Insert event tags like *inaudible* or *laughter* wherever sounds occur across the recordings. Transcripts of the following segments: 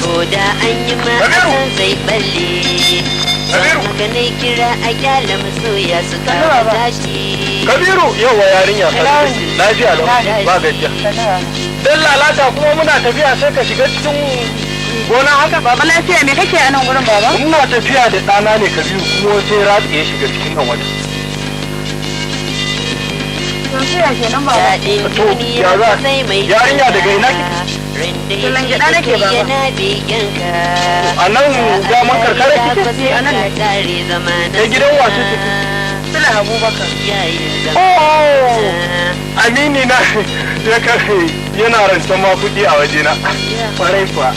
ko da an yi ma'aza zai balle maka ne kira a kyala ya su kawo tashi kabiru yau wa yarinya lafiya da ba gajiya Don lalata kuma muna tafiya sai ka shiga cikin gona haka baba lafiya me kake a nan gurin baba muna tafiya da ɗana ne kabiru kuma sai rafi ya shiga cikin nan wani Yarinya daga ina Tullan gyaɗa nake ba A nan mun karkara kike? A nan ne. Da gidan wasu kike? Sula Abubakar. Oh! oh. Amini na *laughs* ya kare yana rancen ma kuɗi a wajena. Kwarai kuwa.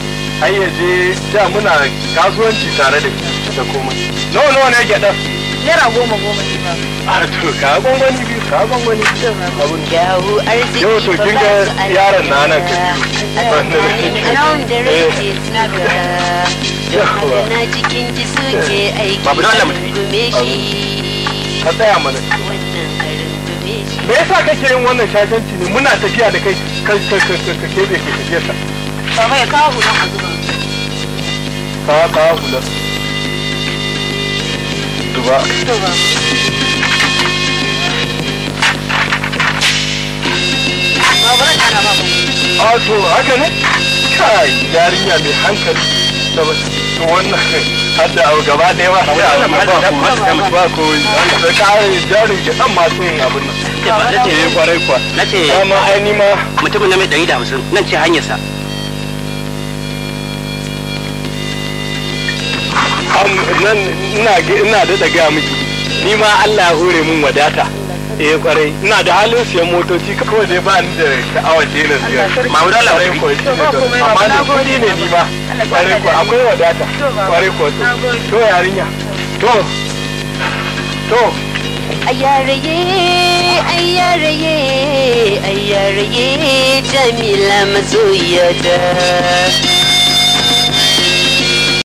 Ai ya je da muna kasuwanci tare da da komai. Nawa nawa ne gyaɗar? Naira goma goma ne ba. A ka gwangwani biyu ka gwangwani biyu. Abun. Yau to kin ga yaron na nan kabiru. Around the rage na gaba. Don na cikin ji suke aiki. Babu dole mu tafi. Me yasa kake yin wannan shashanci ne muna tafiya da kai ka kebe ka tafiyar Ato, haka ne kai yarinya mai hankali da wannan har da abu gaba da yawa ya ba ko da kayan jari ke dan masu yin abin nan nace ne eh, kwarai kwa Na nace ma ai ma mutumin na mai da 150 nan ce hanyar sa nan ina ina da daga miki ni ma Allah ya hore mun wadata eh kwarai ina da halin siyan motoci kawai dai ba ni da sha'awar daina siyan mamu da labarai ko shi ne don amma da gode ne ni ba kwarai ko akwai wadata kwarai ko to to yarinya to to ayyaraye ayyaraye ayyaraye jamila masoyata